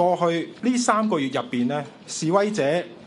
過去呢三個月入邊呢，示威者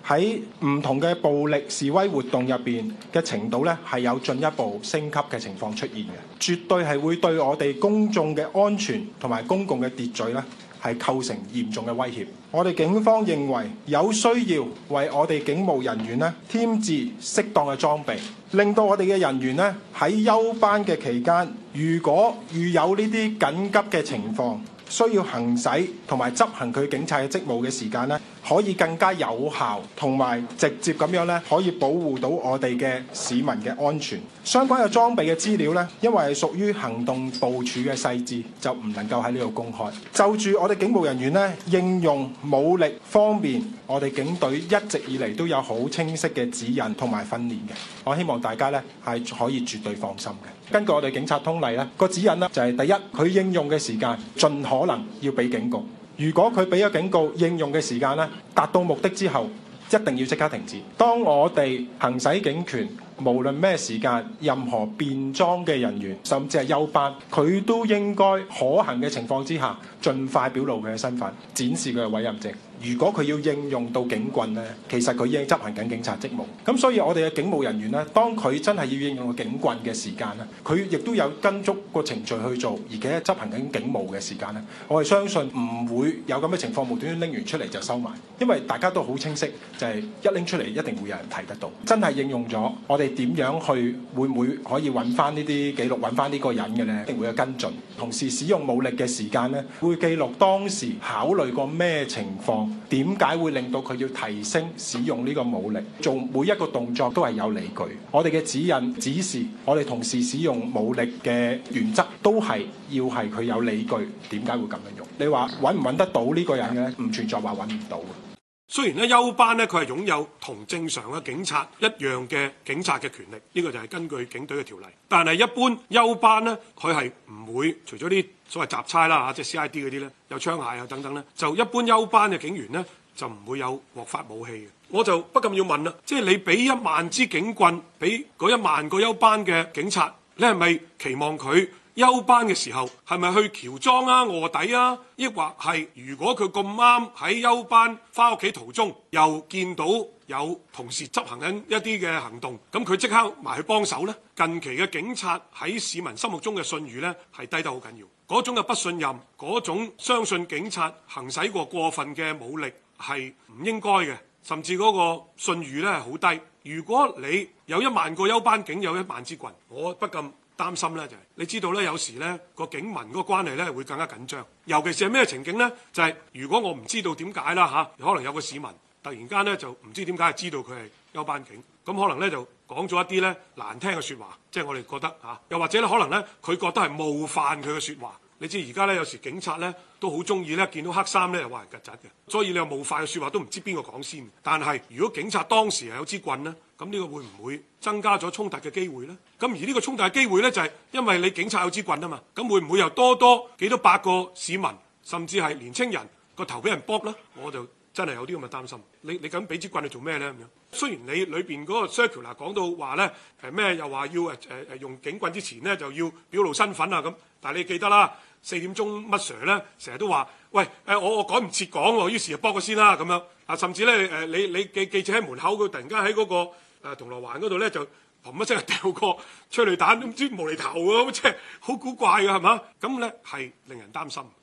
喺唔同嘅暴力示威活動入邊嘅程度呢，係有進一步升級嘅情況出現嘅，絕對係會對我哋公眾嘅安全同埋公共嘅秩序呢，係構成嚴重嘅威脅。我哋警方認為有需要為我哋警務人員呢，添置適當嘅裝備，令到我哋嘅人員呢喺休班嘅期間，如果遇有呢啲緊急嘅情況，需要行使同埋執行佢警察嘅職務嘅時間咧，可以更加有效同埋直接咁樣咧，可以保護到我哋嘅市民嘅安全。相關嘅裝備嘅資料咧，因為係屬於行動部署嘅細節，就唔能夠喺呢度公開。就住我哋警務人員咧，應用武力方面，我哋警隊一直以嚟都有好清晰嘅指引同埋訓練嘅。我希望大家咧係可以絕對放心嘅。根據我哋警察通例呢，個指引呢就係第一，佢應用嘅時間盡可能要俾警告。如果佢俾咗警告，應用嘅時間呢達到目的之後，一定要即刻停止。當我哋行使警權。無論咩時間，任何便裝嘅人員，甚至係休班，佢都應該可行嘅情況之下，盡快表露佢嘅身份，展示佢嘅委任證。如果佢要應用到警棍呢，其實佢已經執行緊警察職務。咁所以，我哋嘅警務人員呢，當佢真係要應用到警棍嘅時間，佢亦都有跟足個程序去做，而且執行緊警務嘅時間，我係相信唔會有咁嘅情況，無端端拎完出嚟就收埋，因為大家都好清晰，就係、是、一拎出嚟一定會有人睇得到。真係應用咗，我哋。你點樣，去會唔會可以揾翻呢啲記錄，揾翻呢個人嘅呢？一定會有跟進。同時使用武力嘅時間呢，會記錄當時考慮過咩情況，點解會令到佢要提升使用呢個武力？做每一個動作都係有理據。我哋嘅指引指示，我哋同時使用武力嘅原則都係要係佢有理據，點解會咁樣用？你話揾唔揾得到呢個人嘅呢？唔存在話揾唔到。雖然呢，休班呢，佢係擁有同正常嘅警察一樣嘅警察嘅權力，呢個就係根據警隊嘅條例。但係一般休班呢，佢係唔會除咗啲所謂雜差啦、啊、即係 C I D 嗰啲呢，有槍械呀等等呢。就一般休班嘅警員呢，就唔會有獲發武器嘅。我就不禁要問啦，即係你俾一萬支警棍俾嗰一萬個休班嘅警察，你係咪期望佢？休班嘅時候係咪去喬裝啊、臥底啊，抑或係如果佢咁啱喺休班返屋企途中又見到有同事執行緊一啲嘅行動，咁佢即刻埋去幫手呢？近期嘅警察喺市民心目中嘅信譽呢係低得好緊要，嗰種嘅不信任，嗰種相信警察行使過過分嘅武力係唔應該嘅，甚至嗰個信譽呢係好低。如果你有一萬個休班警有一萬支棍，我不禁，擔心呢，就係，你知道呢，有時呢個警民嗰個關係會更加緊張，尤其是係咩情景呢？就係如果我唔知道點解啦吓，可能有個市民突然間呢就唔知點解係知道佢係休班警，咁可能呢就講咗一啲呢難聽嘅說話，即係我哋覺得吓，又或者呢可能呢，佢覺得係冒犯佢嘅說話。你知而家咧，有時警察咧都好中意咧，見到黑衫咧就話人曱甴嘅。所以你又冒犯嘅說話都唔知邊個講先。但係如果警察當時係有支棍咧，咁呢個會唔會增加咗衝突嘅機會咧？咁而呢個衝突嘅機會咧，就係因為你警察有支棍啊嘛。咁會唔會又多多幾多百個市民，甚至係年青人個頭俾人卜咧？我就，真係有啲咁嘅擔心，你你咁俾支棍你做咩咧？咁雖然你裏面嗰個 circular 講講到話咧誒咩又話要、呃、用警棍之前咧就要表露身份啊咁，但你記得啦，四點鐘乜 Sir 咧成日都話，喂我我趕唔切講喎，於是就幫佢先啦咁樣啊，甚至咧你你記,記者喺門口佢突然間喺嗰、那個誒、啊、銅鑼灣嗰度咧就砰一聲掉個催淚彈咁，都唔知無厘頭嘅咁，即係好古怪嘅係咪啊？咁咧係令人擔心。